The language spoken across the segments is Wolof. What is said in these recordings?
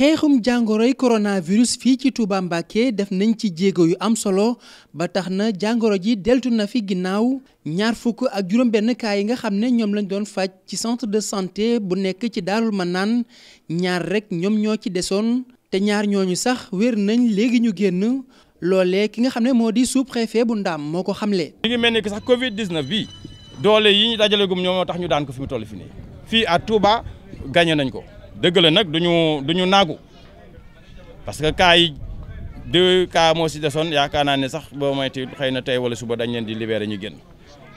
xeexum jàngoroy coronavirus fii ci Touba Mbacké def nañ ci jéego yu am solo ba tax na jàngoro ji deltu na fi ginnaaw ñaar fukk ak juróom-benn cas yi nga xam ne ñoom lañ doon faj ci centre de santé bu nekk ci daalul Daarul naan ñaar rek ñoom ñoo ci desoon te ñaar ñooñu sax wér nañ léegi ñu génn loolee ki nga xam ne moo di sous-préfet bu Ndaam moo ko xamle. mi ngi mel ni que sax Covid 19 bi doole yi ñu dajale ñoom moo tax ñu daan ko fi mu toll fi nii fii à Touba gagné nañ ko. dëgg nag duñu duñu naagu parce que cas yi ka moo si desoon yaakaar naa ne sax boo moytu xëy na tey wala suba dañ leen di libéré ñu génn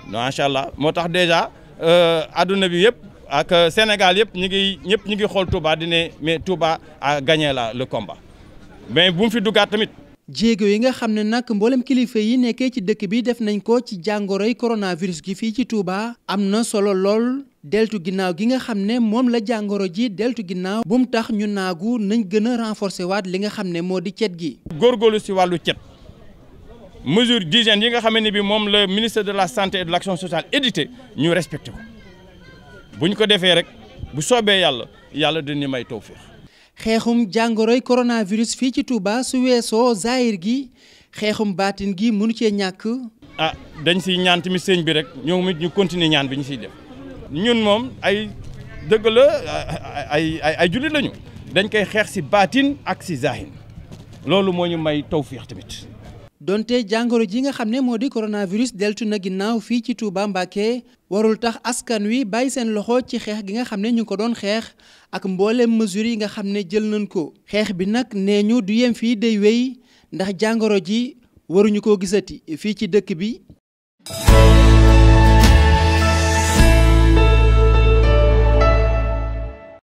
macha allah moo tax dèjà euh, adduna bi yëpp ak euh, Sénégal yëpp ñu ngi ñëpp ñu ngi xool Touba di ne mais Touba a gagné la le mais bu mu fi duggaat tamit. jéego yi nga xam ne nag mboolem kilifa yi nekkee ci dëkk bi def nañ ko ci jàngoroy coronavirus gi fii ci Touba am na solo lool. deltu ginnaaw gi nga xam ne moom la jàngoro ji deltu ginnaaw bu mu tax ñu naagu nañ gën a renforcer waat li nga xam ne moo di cet gi góorgóorlu si wàllu cet mesure d'hygiène yi nga xam ne bi moom la ministre de la santé et de l'action sociale édité ñu respecté ko bu ñu ko defee rek bu soobee yàlla yàlla dinañu may tawféex xeexum jàngoroy coronavirus fii ci Touba su weesoo zaahir gi xeexum baatin gi mënu cee ñàkk ah dañ ci ñaan tamit sëñ bi rek ñoom it ñu continuer ñaan bi ñu siy def ñun moom ay dëgg la ay ay ay jullit lañu dañ koy xeex si baatin ak ci zaahin loolu moo ñu may tawfiix tamit. doonte jàngoro ji nga xam ne moo di coronavirus deltu na ginnaaw fii ci Touba Mbacké warul tax askan wi bàyyi seen loxo ci xeex gi nga xam ne ñu ko doon xeex ak mboolem mesures yi nga xam ne jël nañ ko. xeex bi nag nee ñu du yem fii dey wéy ndax jàngoro ji waruñu koo gisati fii ci dëkk bi.